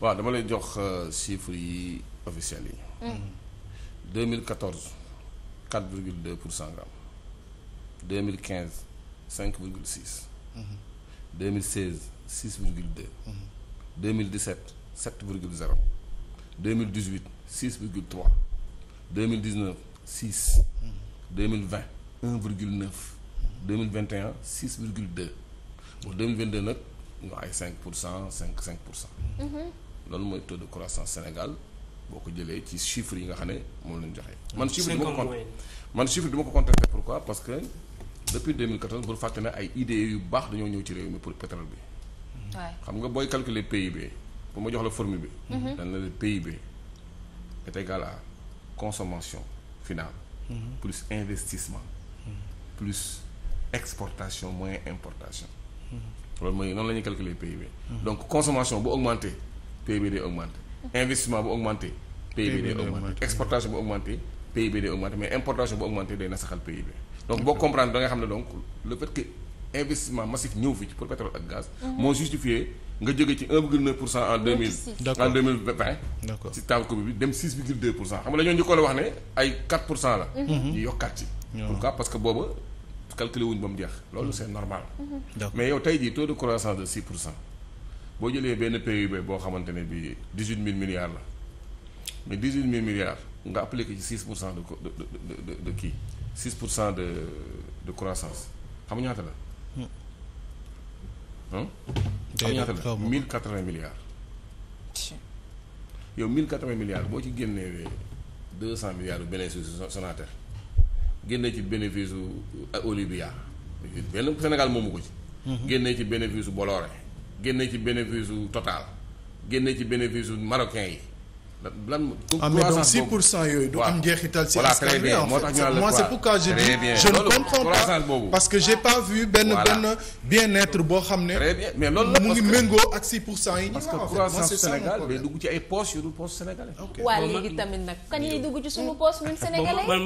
waaw dama lay jox euh, chiffres yi officiels yi. 2014 mm. 4 virgule 2 pour cent nga am 2015 5 virgule 6. 2016 6 virgule 2. 2017 7 virgule 0. 2018 6 virgule 3. 2019 6. 2020 1 virgule 9. 2021 6 virgule 2. bon 2022 nag ñu ay 5 pour cent cinq cinq pour cent. Mm-hmm. loolu mooy taux de croissance Sénégal boo ko jëlee ci chiffres yi nga xam ne moom lañu joxe. man chiffre du ma ko man chiffre du ma ko contesté pourquoi parce que depuis 2014 bul fàtte ne ay idées yu baax dañoo ñëw ci réew mi pour bi. xam nga booy calculer PIB bu ma jox la formule bi. Mm-hmm. dañ la le PIB est égal à consommation mm-hmm. plus investissement. Mm-hmm. plus exportation moins importation. loolu mooy noonu la ñuy calculer PIB. donc consommation bu augmenté. PIB day augmenté investissement bu augmenté PIB day augmenté exportation bu augmenté PIB day augmenté mais importation bu augmenté day nasaxal PIB donc boo comprendre da nga xam ne donc le fait que investissement massif ñëw fi ci pour pétrole ak gaz mhm. moo justifié nga jóge ci 1,9 pour cent en 2000 en 2020 ci table Covid bi dem 6,2 pour cent xam nga la ñoo njëkkoon la wax ne ay 4 pour cent la mhm. Mhm. ñu yokkaat ci pourquoi parce que booba calculé wuñ ba mu jeex loolu c'est normal mais yow tey jii taux de croissance de 6 pour cent boo jëlee benn PIB boo xamante ne bii dix huit mille milliards la mais dix huit mille milliards nga appliqué ci six pour cent de de de kii six pour cent de de croissance xam ñaata la. Hmm. xam ñaata la mille quatre vingt milliards. yow mille quatre vingt milliards boo ci génnee deux cent milliards de bénéfice Sonatel génnee ci bénéfice su euh, Olivia benn Sénégal moomu ko ci. Hmm. génnee ci bénéfice su Bolloré. génne ci bénéfice u total génne ci bénéfice u marocain yi lan. ah mais donc 6 pour cent am njeexital. si askan bi moi c'est pourquoi je dis je ne comprends pas parce que j'ai pas vu benn benn bien-être boo xam ne. mais loolu la mu ngi méngoo ak 6 pour cent yi. parce que croissance Sénégal day dugg ci ay